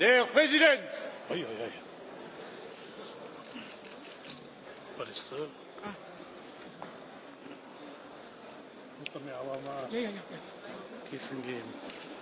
Der Präsident! Ui, ui, ui. Was ist das? Ah. Muss man mir aber mal ja, ja, ja. Kissen ja. geben.